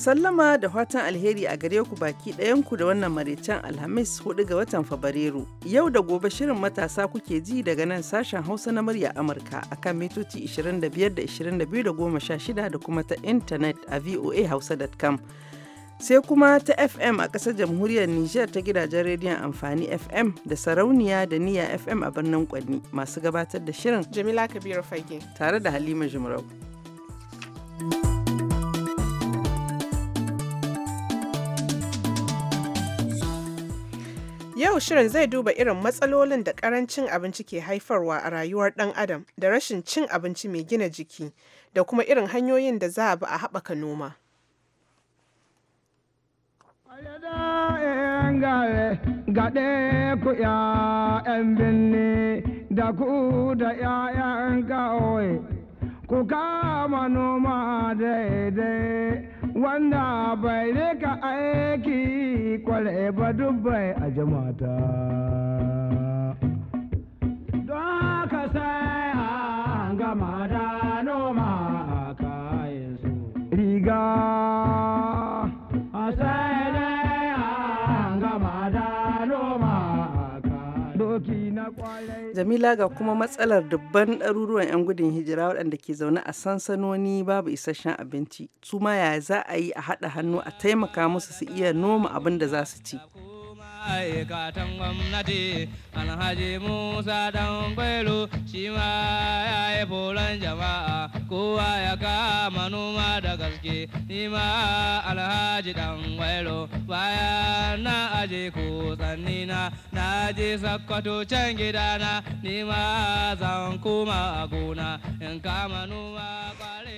Sallama da fatan alheri a gare ku baki ɗayanku da wannan maraicen Alhamis 4 ga watan Fabrairu. Yau da gobe shirin matasa kuke ji daga nan sashen Hausa na murya Amurka akan mitoci 25 da 22 da 16 da kuma ta intanet a voahausa.com. sai kuma ta FM a ƙasar jamhuriyar Nijar ta gidajen rediyon amfani FM da sarauniya da niya FM a birnin Kwanni masu gabatar da shirin Jamila Kabiru Fage tare da Halima Jumrau. thank you Yau shirin zai duba irin matsalolin da karancin abinci ke haifarwa a rayuwar ɗan adam da rashin cin abinci mai gina jiki da kuma irin hanyoyin da za a bi a haɓaka noma. noma daidai. wanda bai ka aiki kwale ba dubbai a jama'ata don haka sai an gama da noma a kayan su riga a sai Jamila ga kuma matsalar dubban ɗaruruwan 'yan gudun hijira waɗanda ke zaune a sansanoni babu isasshen abinci. Su ma yaya za a yi a haɗa hannu a taimaka musu su iya noma abin da za su ci. ma'aikatan gwamnati alhaji musa dan gwailu shi ma ya yi jama'a kowa ya kama noma da gaske ni ma alhaji dan gwailu baya na aje ku na na je sakkwato can gidana ni ma zan koma a gona in kama noma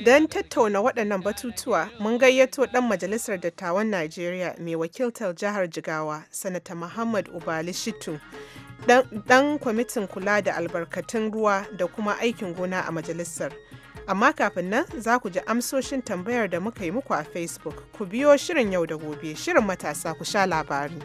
Don tattauna waɗannan batutuwa mun gayyato ɗan majalisar dattawan Najeriya mai wakiltar jihar Jigawa, Sanata Muhammad Ubali shittu ɗan kwamitin kula da albarkatun ruwa da kuma aikin gona a majalisar. Amma kafin nan za ku ji amsoshin tambayar da muka yi muku a Facebook, ku biyo shirin yau da gobe, shirin matasa ku sha labari.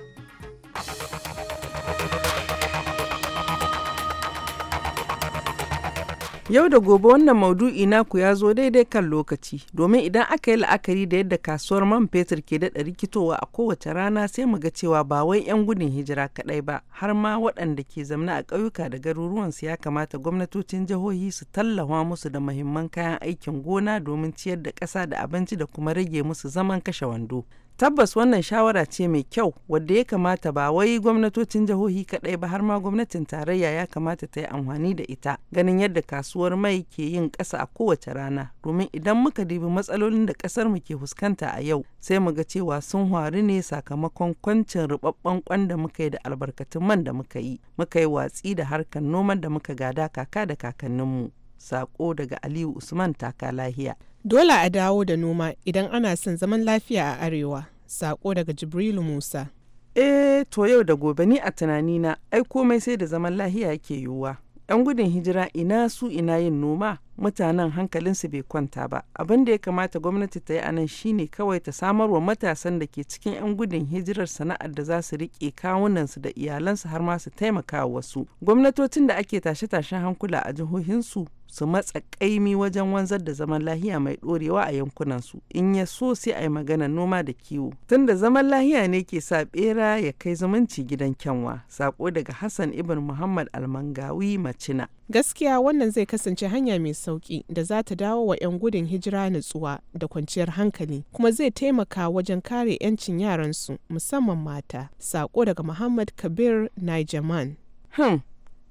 Yau da gobe wannan maudu'i naku ya zo daidai kan lokaci, domin idan aka yi la'akari da yadda kasuwar man fetur ke daɗa rikitowa a kowace rana sai mu ga cewa ba wai 'yan gudun hijira kaɗai ba, har ma waɗanda ke zamna a ƙauyuka da garuruwansu ya kamata gwamnatocin jihohi su tallafa musu da muhimman kayan aikin gona domin ciyar da ƙasa da abinci da kuma rage musu zaman kashe wando. Tabbas wannan shawara ce mai kyau wadda ya kamata ba wai gwamnatocin jihohi kaɗai ba har ma gwamnatin tarayya ya kamata ta yi amfani da ita ganin yadda kasuwar mai ke yin ƙasa a kowace rana domin idan muka dibi matsalolin da ƙasar mu ke fuskanta a yau sai mu ga cewa sun hwari ne sakamakon kwancin rubabban kwan da muka yi da albarkatun man da muka yi muka yi watsi da harkar noman da muka gada kaka da kakanninmu. Sako daga Aliyu Usman taka lahiya. Dole a dawo da noma idan ana son zaman lafiya a Arewa, sako daga Jibrilu Musa. Eh, to yau da gobe ni a tunanina, ai komai sai da zaman lahiya ke yiwuwa. 'Yan gudun hijira ina su ina yin noma? mutanen hankalinsu bai kwanta ba abin da ya kamata gwamnati ta yi a nan shine kawai ta samarwa matasan da ke cikin 'yan gudun hijirar sana'ar da za su riƙe kawunansu da iyalansu har ma su taimaka wasu gwamnatocin da ake tashe-tashen hankula a jihohinsu su matsa ƙaimi wajen wanzar da zaman lahiya mai ɗorewa a yankunansu in ya so sai a yi maganar noma da kiwo tunda zaman lahiya ne ke sa ɓera ya kai zumunci gidan kyanwa sako daga hassan ibn muhammad almangawi macina Gaskiya wannan zai kasance hanya mai sauki da za ta dawo wa 'yan gudun hijira nutsuwa da kwanciyar hankali kuma zai taimaka wajen kare 'yancin yaransu musamman mata. Sako daga Muhammad Kabir Naijaman. Hmm.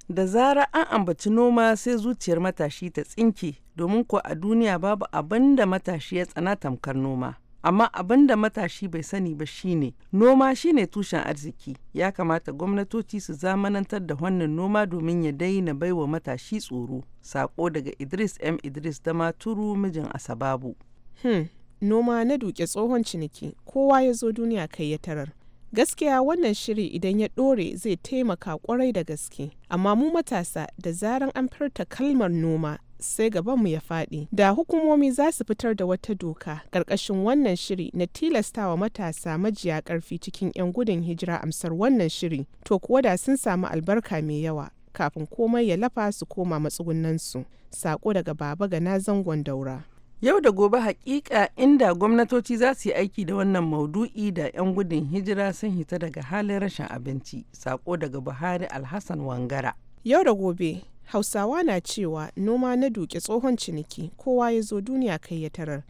Da zara an ambaci noma sai zuciyar matashi ta tsinke domin ko a duniya babu abin da matashi ya tsana tamkar noma. Amma abin da matashi bai sani ba shine noma shine tushen arziki, ya kamata gwamnatoci su zamanantar da wannan noma domin ya daina baiwa matashi tsoro. Sako daga Idris M. Idris turu mijin Asababu. Hmm, noma na duke tsohon ciniki, kowa ya zo duniya kai ya tarar. gaskiya wannan shiri idan ya dore zai taimaka kwarai da gaske amma mu matasa da zaran an furta kalmar noma sai mu ya faɗi. Da hukumomi za su fitar da wata doka ƙarƙashin wannan shiri na tilastawa matasa majiya ƙarfi cikin 'yan gudun hijira amsar wannan shiri, to kuwa da sun samu albarka mai yawa kafin komai ya lafa su koma su Sako daga baba ga na zangon daura. Yau da gobe hakika inda gwamnatoci za su yi aiki da wannan maudu'i da 'yan gudun hijira sun hita daga halin rashin abinci. Sako daga Buhari Alhassan Wangara. Yau da gobe Hausawa na cewa noma na duke tsohon ciniki kowa ya zo duniya kai ya tarar.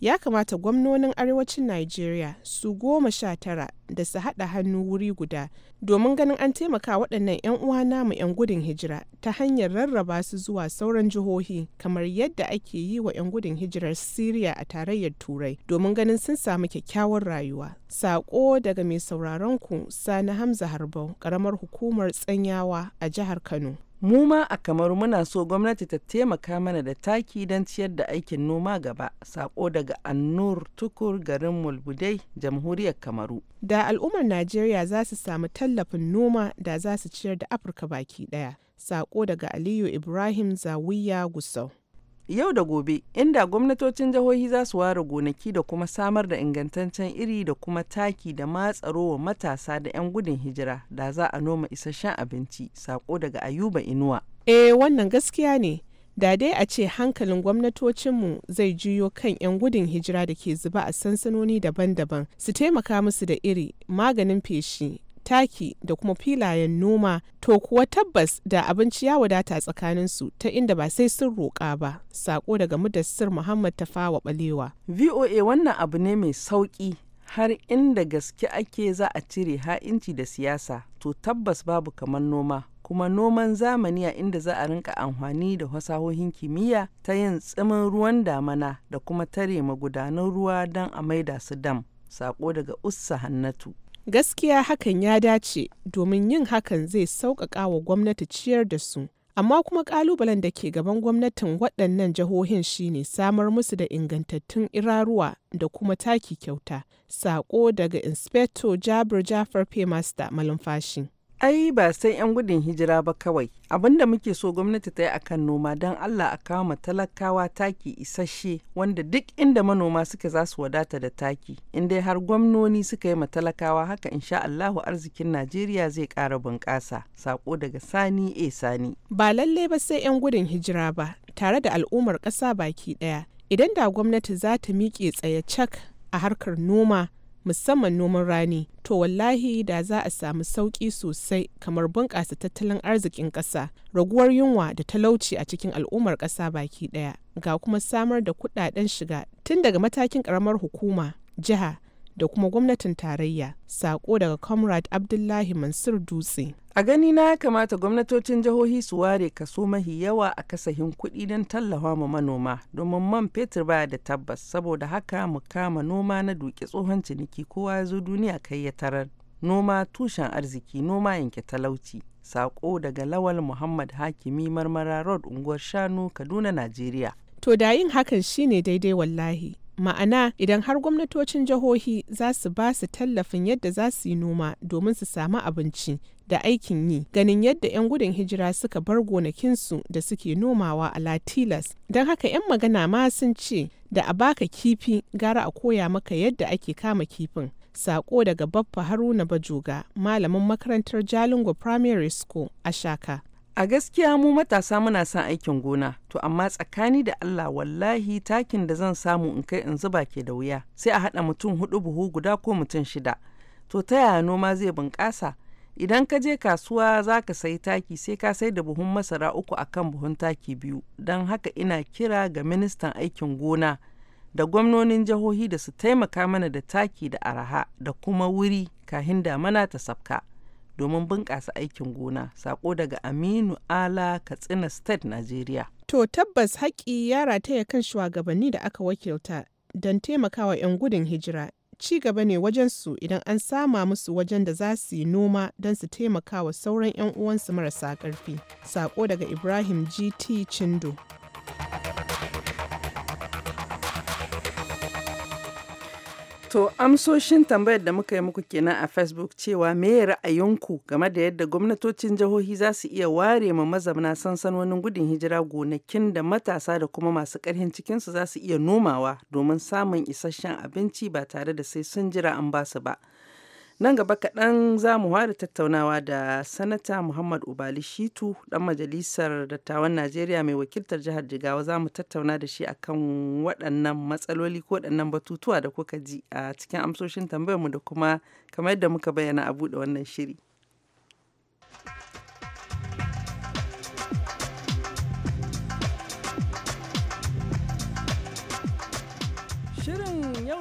Ya kamata gwamnonin arewacin Nigeria su goma sha tara da su haɗa hannu wuri guda domin ganin an taimaka waɗannan 'yan uwa namu 'yan gudun hijira ta hanyar rarraba su zuwa sauran jihohi kamar yadda ake yi wa 'yan gudun hijirar Siriya a tarayyar Turai domin ganin sun samu kyakkyawar rayuwa. Sako daga mai sauraron ku Sani Hamza Harbau, karamar hukumar Tsanyawa a jihar Kano. mu ma a kamaru muna so gwamnati ta taimaka mana da taki don ciyar da aikin noma gaba sako daga annur tukur garin mulbudai jamhuriyar kamaru da al'ummar najeriya za su samu tallafin noma da za su ciyar da afirka baki daya sako daga aliyu ibrahim zawiya gusau yau da gobe inda gwamnatocin jihohi za su ware gonaki da kuma samar da ingantaccen iri da kuma taki da matsaro wa matasa da 'yan gudun hijira da za a noma isasshen abinci sako daga ayuba inuwa e wannan gaskiya ne da dai a ce hankalin gwamnatocinmu zai juyo kan 'yan gudun hijira da ke zuba a sansanoni daban-daban su taimaka musu da iri maganin feshi taki da kuma filayen noma to kuwa tabbas da abinci ya wadata tsakaninsu ta inda ba sai sun roƙa ba sako daga mudassir muhammad ta fawa balewa voa wannan abu ne mai sauƙi har inda gaske ake za a cire ha'inci da siyasa to tabbas babu kamar noma kuma noman zamani a inda za a rinka amfani da fasahohin kimiyya ta yin tsimin ruwan damana da kuma tare magudanan ruwa don a maida su dam sako daga ussa hannatu Gaskiya hakan ya dace domin yin hakan zai sauƙaƙa wa gwamnati ciyar da su. Amma kuma ƙalubalen da ke gaban gwamnatin waɗannan jihohin shine samar musu da ingantattun iraruwa da kuma taki kyauta. Saƙo daga Insfecto Jabir Jafar Paymaster Malumfashi. ai ba sai 'yan gudun hijira ba kawai abinda muke so gwamnati ta yi a kan noma don allah a kawo ma talakawa taki isasshe wanda duk inda manoma suka za su wadata da taki in dai har gwamnoni suka yi ma talakawa haka insha allahu arzikin najeriya zai ƙara bunƙasa sako daga sani a sani ba lalle ba sai 'yan gudun hijira ba tare da al'ummar ƙasa baki ɗaya idan da gwamnati za ta miƙe tsaye cak a harkar noma musamman noman rani to wallahi da za a samu sauƙi sosai kamar bunƙasa tattalin arzikin ƙasa raguwar yunwa da talauci a cikin al'ummar ƙasa baki ɗaya ga kuma samar da kuɗaɗen shiga tun daga matakin ƙaramar hukuma jiha da kuma gwamnatin tarayya saƙo daga comrade abdullahi mansur dutse a gani na ya kamata gwamnatocin jihohi su ware kaso mahi yawa a kasahin kuɗi don tallafa ma manoma domin man fetur baya da tabbas saboda haka mu kama noma na duki tsohon ciniki kowa ya zo duniya kai ya tarar noma tushen arziki noma yanke talauci saƙo daga lawal muhammad hakimi marmara road unguwar shanu kaduna najeriya to da yin hakan shine daidai wallahi Ma'ana idan har gwamnatocin jihohi za su ba su tallafin yadda za su yi noma domin su samu abinci da aikin yi ganin yadda 'yan gudun hijira suka bar gonakinsu da suke nomawa a latilas don haka 'yan magana ma sun ce da a baka kifi gara a koya maka yadda ake kama kifin sako daga baffa haruna bajoga malamin makarantar jalingo primary school a shaka A gaskiya mu matasa muna son aikin gona, to amma tsakani da Allah wallahi takin da zan samu in kai in zuba ke da wuya, sai a haɗa mutum huɗu buhu guda ko mutum shida. To ta yaya noma zai bunƙasa? Idan ka je kasuwa za ka sayi taki sai ka sai da buhun masara uku akan buhun taki biyu, don haka ina kira ga ministan aikin gona da gwamnonin jihohi da su taimaka mana da taki da araha da kuma wuri kahin damana ta sabka. domin bunƙasa aikin gona sako daga aminu ala katsina state nigeria to tabbas haƙƙi ya rataya kan shugabanni da aka wakilta don taimakawa 'yan gudun hijira ci gaba ne wajen su idan an sama musu wajen da za su yi noma don su taimakawa sauran 'yan uwansu marasa ƙarfi. Sako daga Ibrahim GT Chindo. To amsoshin tambayar da muka yi muku kenan a Facebook cewa me ra'ayinku game da yadda gwamnatocin jihohi za su iya ware ma mazamna sansanonin gudun hijira gonakin da matasa da kuma masu ƙarfin cikinsu za su iya nomawa domin samun isasshen abinci ba tare da sai sun jira an basu ba. Nan gaba kaɗan za mu da tattaunawa da Sanata Muhammad Ubali Shitu, ɗan majalisar dattawan Najeriya mai wakiltar jihar Jigawa za mu tattauna da shi akan waɗannan matsaloli ko waɗannan batutuwa da kuka ji a cikin amsoshin tambayarmu da kuma kamar yadda muka bayyana a buɗe wannan shiri.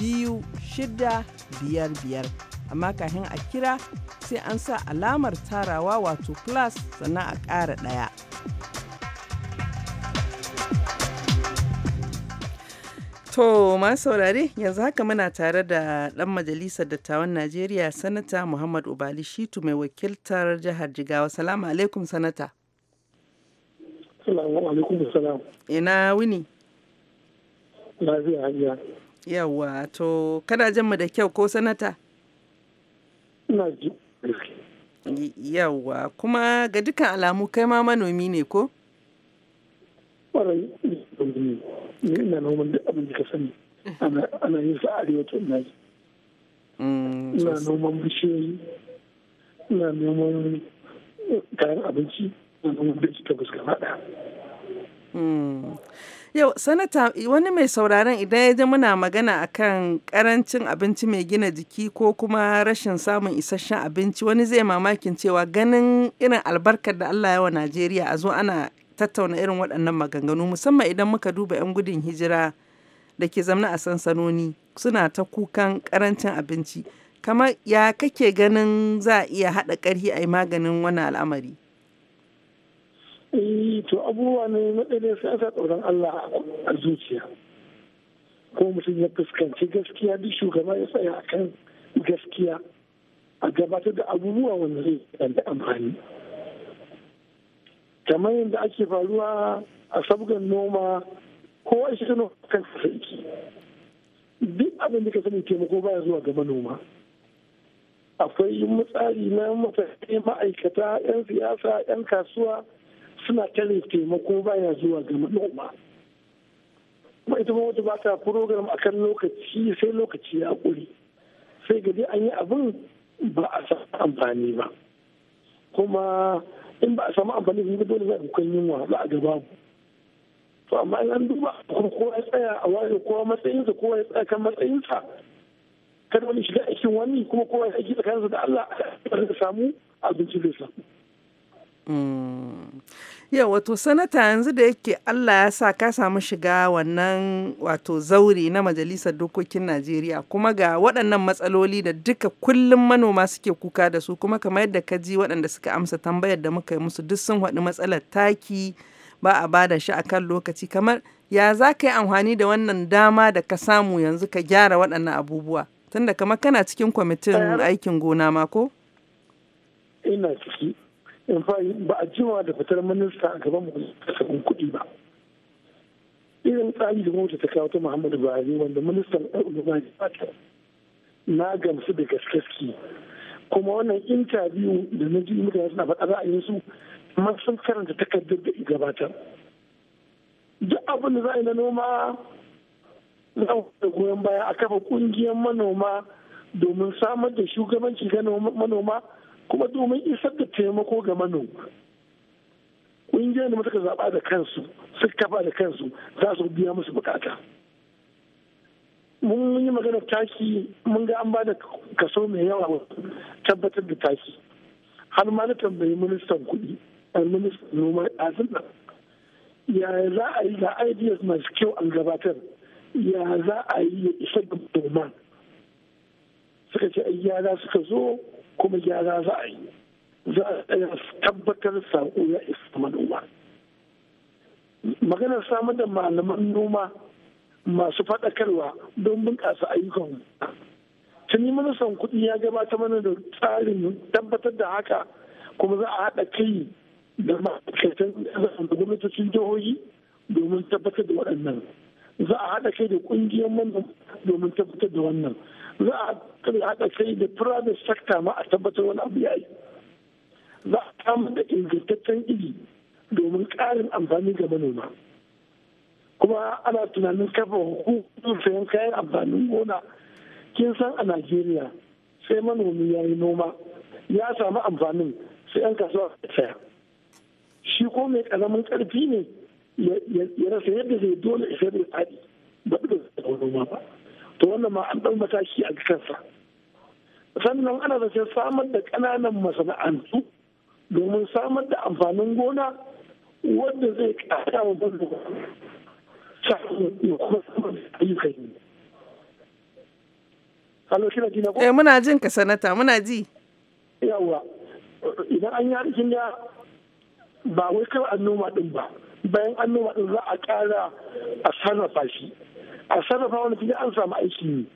biyu shida biyar biyar amma kafin a kira sai an sa alamar tarawa wato plus sannan a ƙara ɗaya. To masu saurare yanzu haka muna tare da ɗan majalisar dattawan Najeriya sanata Muhammad Ubali Shitu mai wakiltar jihar Jigawa. Salamu alaikum sanata. Salamu alaikum salam. Ina wuni. Lafiya Yawa to kana jin mu da kyau ko sanata? Ina kuma ga dukkan alamu kai ma manomi ne ko? noman bishiyoyi. Ina noman kayan abinci. Ina noman da ta fuskar haɗa. Yau, Sanata, wani mai sauraron idan ya ji muna magana a kan karancin abinci mai gina jiki ko kuma rashin samun isasshen abinci, wani zai mamakin cewa ganin irin albarkar da Allah ya wa Najeriya a zo ana tattauna irin waɗannan maganganu musamman idan muka duba 'yan gudun hijira da ke zamna a sansanoni suna ta kukan karancin abinci. Kamar ya kake ganin za a iya haɗa ƙarhi a yi maganin wani al'amari? eh to abubuwa ne na ɗaya sai asa tsoron Allah a zuciya ko mutum ya fuskanci gaskiya duk shugaba ya tsaya kan gaskiya a gabatar da abubuwa wanda zai da amfani kamar yadda ake faruwa a sabgan noma ko a shirin kan sarki duk abin da ka sani taimako baya zuwa ga manoma akwai matsari na matakai ma'aikata 'yan siyasa 'yan kasuwa suna tarin taimako baya zuwa ga manoma kuma ita wata ba ta program kan lokaci sai lokaci ya ƙuri sai gari an yi abin ba a samu amfani ba kuma in ba a samu amfani ba dole a yi yunwa ba a gaba to amma in an duba kuma kowa ya tsaya a wajen kowa matsayinsa kowa ya tsaya kan matsayinsa kada wani shiga aikin wani kuma kowa ya aiki tsakaninsa da Allah a samu abinci zai samu Mm. Yau wato sanata yanzu da yake Allah ya sa ka samu shiga wannan wato zaure na majalisar dokokin Najeriya kuma ga waɗannan matsaloli da duka kullum manoma suke kuka da su kuma kamar yadda ka ji waɗanda suka amsa tambayar da muka yi musu duk sun haɗu matsalar taki ba a da shi a kan lokaci kamar ya za ka yi amfani da wannan dama da ka samu yanzu ka gyara waɗannan abubuwa tunda kamar kana cikin kwamitin aikin gona ma ko? in ba a jima da fitar minista a gaban kasafin kuɗi ba irin tsari da mota ta kawo ta muhammadu buhari wanda ministan ɗaukar ta na gamsu da gaske kuma wannan intabiyu da na ji mutane suna faɗa ra'ayinsu amma sun karanta takardar da gabatar duk abin da za a yi na noma za da goyon baya a kafa ƙungiyar manoma domin samar da shugabanci ga manoma kuma domin isar da taimako ga manoma ƙungiyar da suka zaɓa da kansu suka kafa da kansu za su biya musu bukata mun yi magana taki mun ga an ba da kaso mai yawa tabbatar da taki har ma na tambayi ministan kuɗi ministan noma a ya za a yi da ideas masu kyau an gabatar ya za a yi ya isa ga noma suka ce ayyana suka zo kuma gyara za a yi za a tabbatar sako ya isa manoma maganar samun da malaman noma masu faɗakarwa don bunƙasa ayyukan tuni ministan kuɗi ya gabata mana da tsarin tabbatar da haka kuma za a haɗa kai da ma'aikatan da gwamnatocin jihohi domin tabbatar da waɗannan za a haɗa kai da ƙungiyar manoma domin tabbatar da wannan za a haɗa kai da private sector ma a tabbatar wani abu ya yi za a kama da ingantaccen iri domin ƙarin amfani ga manoma kuma ana tunanin kafa hukumar sayan kayan amfanin gona kin san a najeriya sai manomi ya yi noma ya samu amfanin sai 'yan kasuwa saya shi ko mai ƙaramin karfi ne ya rasa yadda zai dole isar da tsari ba da noma ba to wannan ma an ɗau mataki a kansa sannan ana da samar da ƙananan masana'antu domin samar da amfanin gona wanda zai ƙara wa bandu da Halo, Eh, muna jin ka sanata, muna ji. Yawwa, idan an yi aikin ya ba wai kawai an noma din ba, bayan an noma din za a ƙara a sarrafa shi. a sarrafa wani fili an samu aikin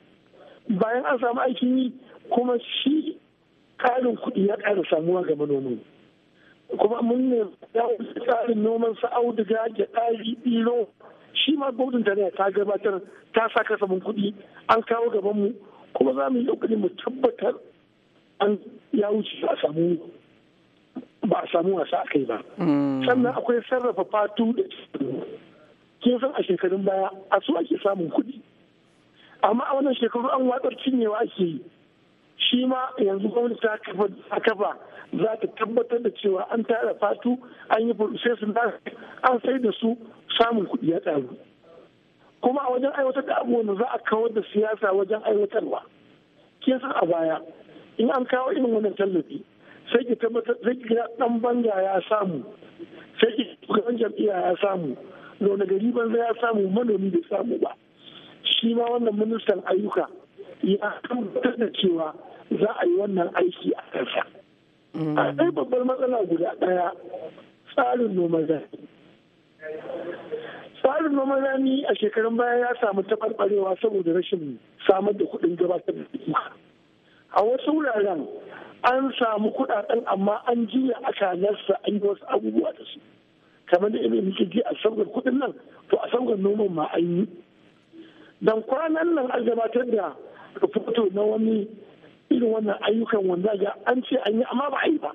yi bayan an samu aikin yi kuma shi ƙarin kuɗi ya ƙara samuwa ga manomin kuma mun ne ya wuce tsarin noman su auduga gyaɗa ɗiro shi ma gwamnatin tarayya ta gabatar ta sa mun kuɗi an kawo gaban mu kuma za mu yi ƙoƙari mu tabbatar an ya wuce a samu ba a samu wasa a kai ba mm. sannan akwai sarrafa fatu da kin san a shekarun baya a su ake samun kuɗi amma a wannan shekaru an watsar cinyewa ake yi shi ma yanzu gwamnati ta kafa za ta tabbatar da cewa an tara fatu an yi da an sai da su samun kuɗi ya tsaro kuma a wajen aiwatar da abubuwan za a kawar da siyasa wajen aiwatarwa kin san a baya in an kawo irin wannan tallafi sai ki tabbatar sai ki ga dan banga ya samu sai ki jam'iyya ya samu zaune gari banza ya samu manomi bai samu ba shi ma wannan ministan ayyuka ya tabbatar da cewa za a yi wannan aiki a kansa a ɗaya babbar matsala guda ɗaya tsarin noman zani. tsarin noman rani a shekarun baya ya samu taɓarɓarewa saboda rashin samar da kuɗin gabatar da ayyuka a wasu wuraren an samu kuɗaɗen amma an jiya a kanarsa an yi wasu abubuwa da su kamar da irin muke ji a sauran kuɗin nan to a sauran noman ma an yi dan kwanan nan an gabatar da rahoto na wani irin wannan ayyukan wanda ga an ce an yi amma ba a yi ba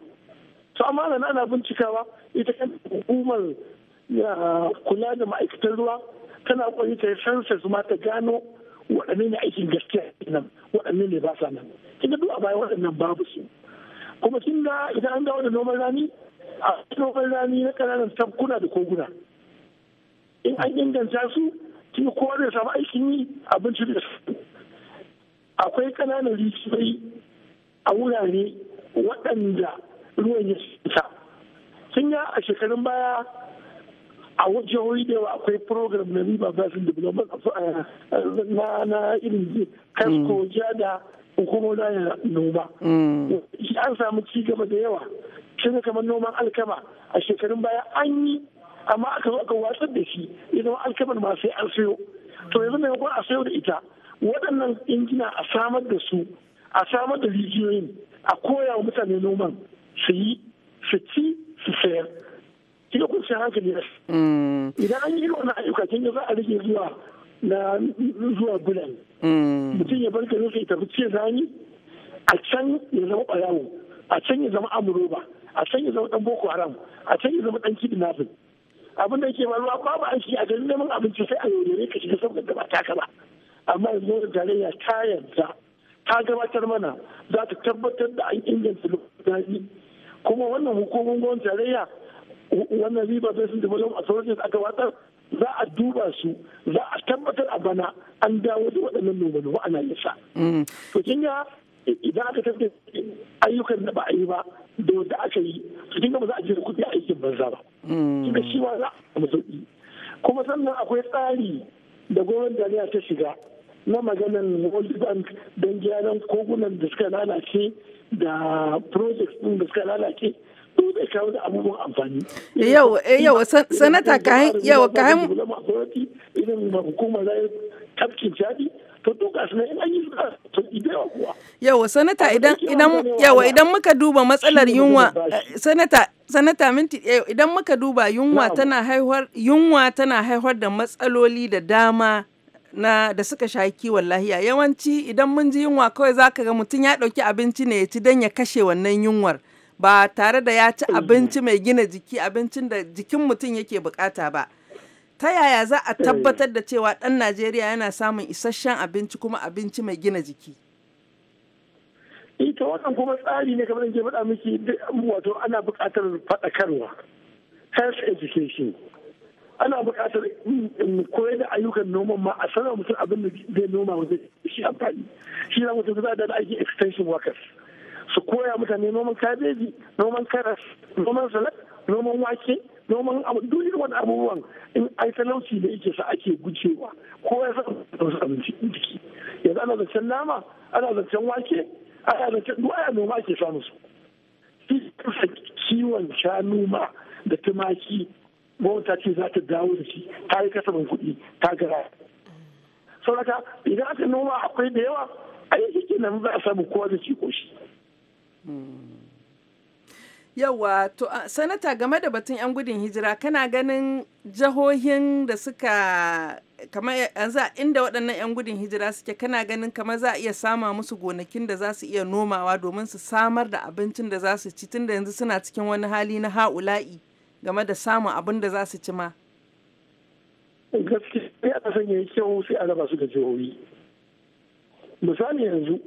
to amma nan ana bincikawa ita kan hukumar kula da ma'aikatan ruwa tana kwari ta sansa su ma ta gano waɗanne ne aikin gaskiya nan waɗanne ne ba sa nan kina duk a baya waɗannan babu su kuma kin ga idan an dawo da noman rani a noman rani na ƙananan tafkuna da koguna in an inganta su ki kowa zai samu aikin yi abinci da su akwai ƙananan rijiyoyi a wurare waɗanda ruwan ya fita sun ya a shekarun baya a hori da yawa akwai program na riba basin development na na irin kasko mm. jada hukumar da noma mm. an samu ci gaba da yawa kin kamar noman alkama a shekarun baya an yi amma aka zo aka watsar da shi ya zama alkamar ma sai an sayo to yanzu mai a sayo da ita waɗannan injina a samar da su a samar da rijiyoyin a koya wa mutane noman su yi su ci su sayar kika kun sayar hankali ne. Mm. idan an yi irin wannan ayyuka kin za a rage zuwa na zuwa bulan mm. mutum ya bar garin sai tafi ce zani a can ya zama ɓarawo a can ya zama amuroba a can ya zama dan boko haram a can ya zama dan kidnapping abin da yake ba ruwa ko ba aiki a garin neman abinci sai a yaudare ka shiga saboda ba taka ba amma yanzu da tarayya ta yarda ta gabatar mana za ta tabbatar da an inganta lokaci kuma wannan hukumomin gwamnati tarayya wannan riba zai sun develop a aka watsar za a duba su za a tabbatar a bana an dawo da waɗannan noma wa'ana ana yasa. Mm. To kin ga idan aka tafi ayyukan da ba a yi ba da wanda aka yi su dinga ba za a jira kuɗi aikin banza ba hmm. kinga shi ma za a masauki kuma sannan akwai tsari da gwamnati jami'a ta shiga na maganan world bank don gyaran kogunan da suka lalace da projects din da suka lalace abubuwan amfani. Eh, yau, eh, yau, sanata kayan, yau, kayan. tafkin to duk gashi nan in an yi to idewa kuwa yawa sanata idan idan yawa idan muka duba matsalar yunwa sanata sanata minti eh, idan muka duba yunwa tana haihuwar yunwa tana haihuwar da matsaloli da dama na da suka sha kiwon lahiya yawanci idan mun ji yunwa kawai zaka ga mutum ya ɗauki abinci ne ya ci don ya kashe wannan yunwar ba tare da ya ci abinci mai gina jiki abincin da jikin mutum yake bukata ba ta yaya za a eh. tabbatar da cewa ɗan najeriya yana samun isasshen abinci kuma abinci mai gina jiki ita wannan kuma tsari ne kamar ke faɗa miki wato ana buƙatar faɗakarwa health education ana buƙatar koyar da ayyukan noman ma a sanar mutum abin da zai noma wajen shi amfani shi za mutum za da aiki extension workers su koya mutane noman kabeji noman karas noman salad noman wake noman abu duk abubuwan in ai talauci da yake sa ake gucewa ko ya san wasu abinci jiki yanzu ana zancen nama ana zancen wake ana zancen duk ana noma ake samu su kiwon shanu ma da tumaki mota ce za ta dawo da shi ta yi kasafin kuɗi ta gara sauraka idan aka noma akwai da yawa a yake nan za a samu kowa da shi ko shi hmm. Yawa, to sanata game da batun 'yan gudun hijira kana ganin jihohin da suka kamar yanzu inda waɗannan 'yan gudun hijira suke kana ganin kamar za a iya sama musu gonakin da za su iya nomawa domin su samar da abincin da za su ci tunda yanzu suna cikin wani hali na ha'ula'i game da samun abin da za su ci ma. Gaskiya ana sanya kyau sai a raba su da jihohi. Misali yanzu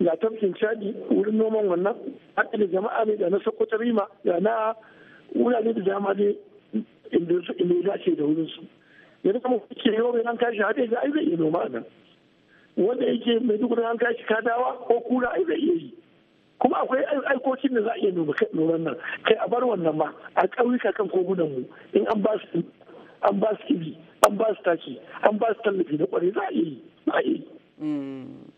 ga tafkin cadi wurin noman wannan haka da jama'a ne da na sokoto rima da na wurare da dama dai inda ya dace da wurin wurinsu yanzu kuma kuke yau mai an kashi haɗe da zai iya noma nan wanda yake mai duk an kashi kadawa ko kura ai zai iya yi kuma akwai aikocin da za a iya noman nan kai a bar wannan ma a ƙauyuka kan kogunan mu in an ba su an ba su kibi an ba su taki an ba su tallafi da kwarai za a iya yi za a yi mm.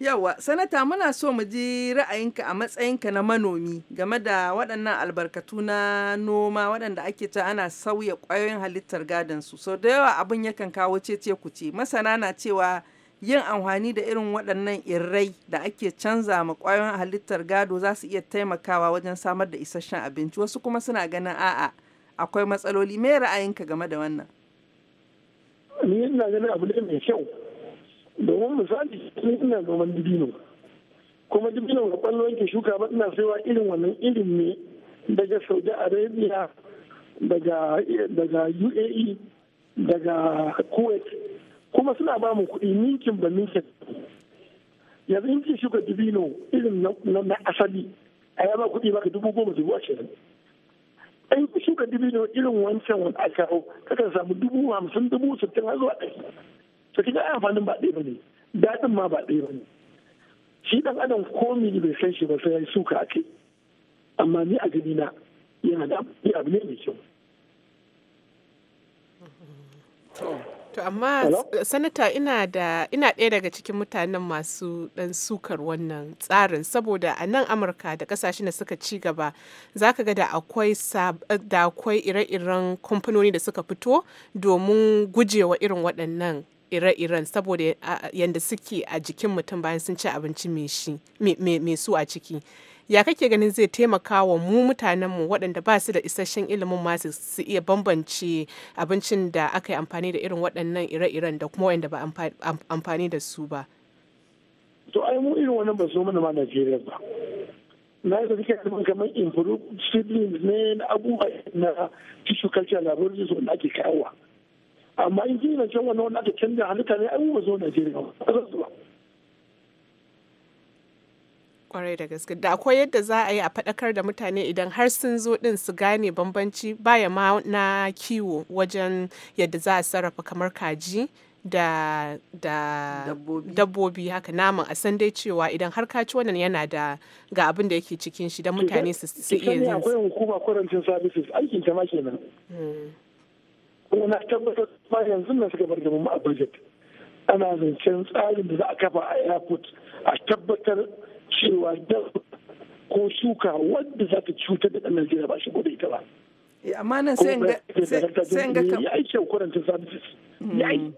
Yawa, sanata muna so mu ji ra'ayinka a matsayinka na manomi game da waɗannan albarkatu na noma waɗanda ake ta ana sauya ƙwayoyin halittar gadon su. sau da yawa abin yakan kawo cece kuce. Masana na cewa yin amfani da irin waɗannan irrai da ake canza ma ƙwayoyin halittar gado za su iya taimakawa wajen samar da isasshen abinci. Wasu kuma suna ganin a'a akwai matsaloli. Me ra'ayinka game da wannan? Ni ina ganin abu ne mai kyau. domin misali sun ina noman dibino kuma dibino ga kwallo yake shuka ba ina saiwa irin wannan irin ne daga saudi arabia daga daga uae daga kuwait kuma suna ba mu kuɗi ninkin ba ninkin yanzu in ce shuka dibino irin na asali a yaba kuɗi baka dubu goma dubu ashirin in shuka dibino irin wancan wani a kawo kakan samu dubu hamsin dubu sittin har zuwa ɗari to kika ai amfanin ba ɗaya bane daɗin ma ba ɗaya bane shi dan adam ko ne bai san shi ba sai ya suka a amma ni a gani na yana da abu ne mai kyau To amma sanata ina da ina ɗaya daga cikin mutanen masu ɗan sukar wannan tsarin saboda a nan Amurka da ƙasashen da suka ci gaba za ka ga da akwai da akwai ire-iren kamfanoni da suka fito domin gujewa irin waɗannan ire-iren saboda yadda suke a jikin mutum bayan sun ci abinci mai su a ciki ya kake ganin zai taimaka wa mu mutanenmu waɗanda ba su da isasshen ilimin masu su iya bambance abincin da aka yi amfani da irin waɗannan ire-iren da kuma waɗanda ba amfani da su ba to ai mu irin wannan ba su mana ma Najeriya ba na yadda suke kalmar kamar improved siblings ne na abubuwa na tissue culture su wanda ake kawo amma in jina can wani wani aka a halitta ne an wazo najeriya ba kwarai da gaske da akwai yadda za a yi a faɗakar da mutane idan har sun zo ɗin su gane bambanci baya ma na kiwo wajen yadda za a sarrafa kamar kaji da dabbobi haka naman a san dai cewa idan har kaci wannan yana da ga abin da yake cikin shi don mutane su iya yin kuma na tabbatar ba yanzu na suka bar mu a budget ana zancen tsarin da za a kafa a airport a tabbatar cewa da ko shuka wadda za ta cutar da ɗan ba shi da ita ba. Eh, amma nan sai ga sai ga ya yi kyau kuranta services hmm. ya yi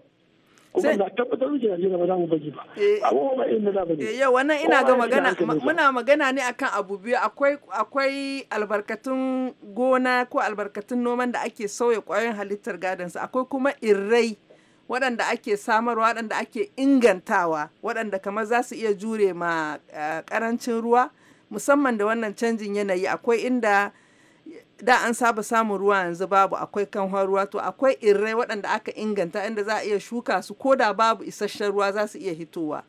yau wannan ina ga magana muna magana ne akan abu biyu akwai akwai albarkatun gona ko albarkatun noman da ake sauya kwayoyin halittar gadon su akwai kuma irrai waɗanda ake samarwa waɗanda ake ingantawa waɗanda kamar za su iya jure ma eh, ƙarancin ruwa musamman da wannan canjin yanayi akwai inda da an saba samun ruwa yanzu babu akwai kanwa ruwa to akwai irrai waɗanda aka inganta inda za a iya shuka su ko da babu isasshen ruwa za su iya hitowa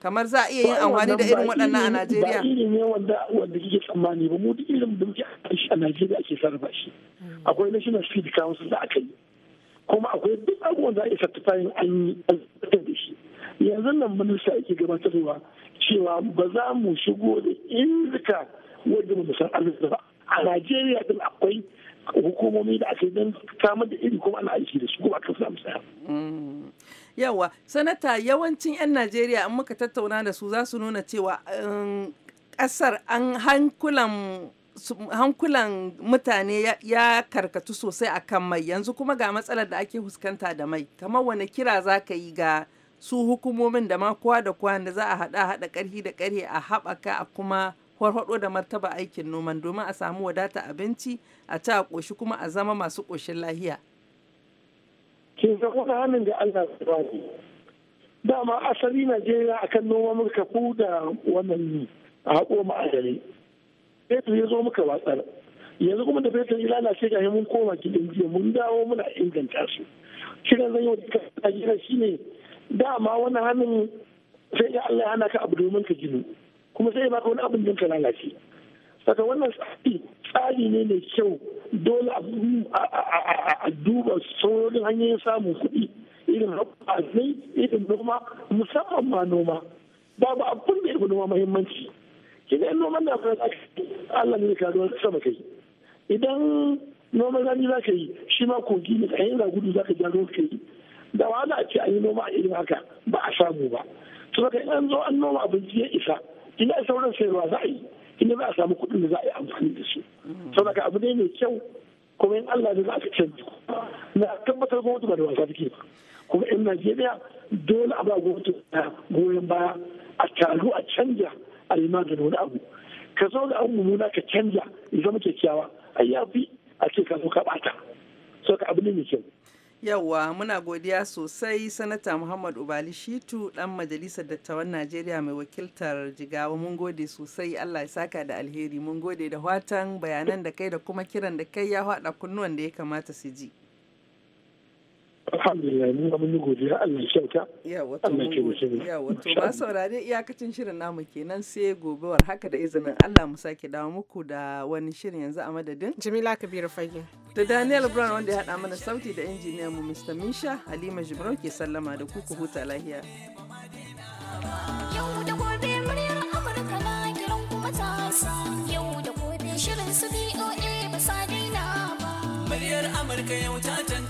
kamar za a iya yin amfani da irin waɗannan a Najeriya ba ne wanda wanda kike tsammani ba mu duk ilimin da muke a Najeriya ake sarrafa shi mm. akwai National Seed Council da aka yi kuma akwai duk abubuwan da ake certifying an yi da shi yanzu nan minista yake gabatarwa cewa ba za mu shigo da inzika wanda mu san arziki ba a najeriya din akwai hukumomi da ake don samar da iri kuma ana aiki da su kuma aka samu tsaya. Mm. yawa sanata yawancin 'yan najeriya in muka tattauna da su za su nuna cewa um, ƙasar an hankulan hankulan mutane ya karkatu sosai akan mai yanzu kuma ga matsalar da ake fuskanta da mai kamar wani kira za ka yi ga su hukumomin da ma kowa da kowa da za a haɗa hada karhi da karhi a haɓaka a kuma farfado da martaba aikin noman domin a samu wadata abinci a ci a ƙoshi kuma a zama masu koshin lahiya. cin ga hannun da Allah ya Dama asali Najeriya akan noma muka ku da wannan a haƙo ma'adani. Fetur ya zo muka watsar. Yanzu kuma da fetur ya lalace ga mun koma gidan jiya mun dawo muna inganta su. Kiran zan yi wa Najeriya ne dama wani hannun sai ya Allah ya hana ka abu domin ka gini. kuma sai baka wani abin ka lalace saka wannan tsari tsari ne mai kyau dole a duba saurin hanyoyin samun kuɗi irin haƙƙazai irin noma musamman ma noma babu abin da ya noma mahimmanci kina yin noman da fara Allah ne ka ruwan sama kai idan noman rani za ka yi shi ma kogi ne kayan yana gudu za ka ja ruwan ka yi da wahala a ce a yi noma a irin haka ba a samu ba to kai an zo an noma abinci ya isa ina sauran sayarwa za a yi ina za a samu kuɗin da za a yi amfani da su saboda abu ne mai kyau kuma in Allah ne za ka canji na tabbatar gwamnati ba da wasa take ba kuma in Najeriya dole a ba gwamnati goyon baya a taru a canja a yi maganin wani abu ka zo da abu mummuna ka canja ya zama kyakkyawa a yafi a ce ka zo ka bata so ka abu ne mai kyau Yawwa muna godiya sosai Sanata Muhammad Ubali Shitu dan majalisar dattawan Najeriya mai wakiltar Jigawa mun gode sosai Allah ya saka da alheri mun gode da watan bayanan da kai da kuma kiran da kai ya haɗa kunnuwan da ya kamata su ji. alhamdulillah mun mun godiya Allah kyauta Allah ke mu yawa to ba saurare iyakacin shirin namu kenan sai gobe war haka da izinin Allah mu sake dawo muku da wani shirin yanzu a madadin Jamila Kabiru Fage da Daniel Brown wanda ya hada mana sauti da injiniyan mu Mr. Misha Halima Jibrau ke sallama da ku ku huta lahiya Yau da gobe muryar Amurka na kiran kuma ta yau da gobe shirin su BOA ba sa daina ba muryar Amurka yau ta canza.